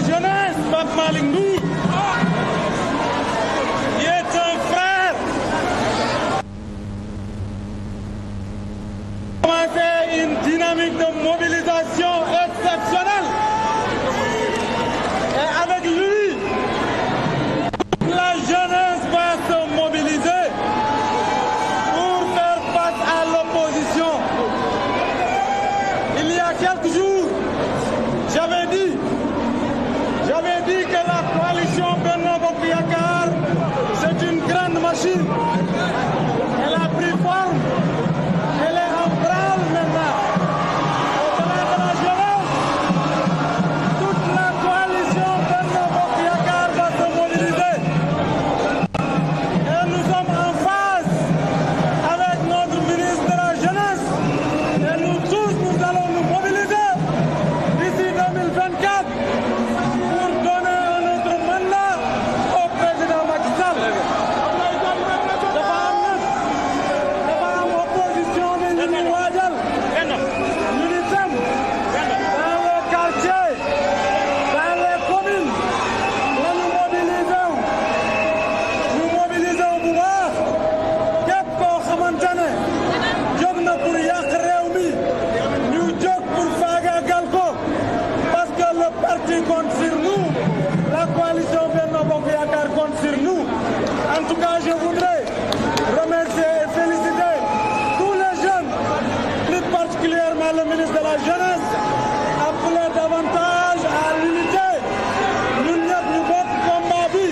jeunesse, Pape Malick Ndour qui est un frère. Commencer une dynamique de mobilisation. Diouf la coalition Benno Bokk Yaakaar compte sur nous. En tout cas, je voudrais remercier et féliciter tous les jeunes, plus ministre de la Jeunesse, appelé davantage à l'unité. Ñun ñëpp ñu bokk combat bi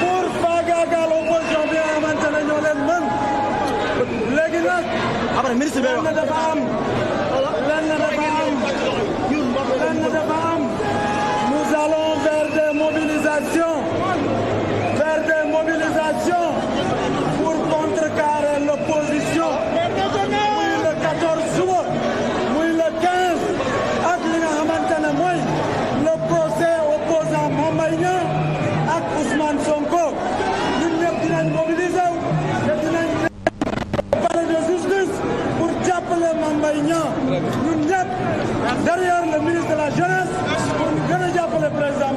pour faagaagal opposition bi nga xamante ne ñoo leen mën léegi nag. après ministre bi am. derrière le ministre de la jeunesse pour ñu gën a jàppale président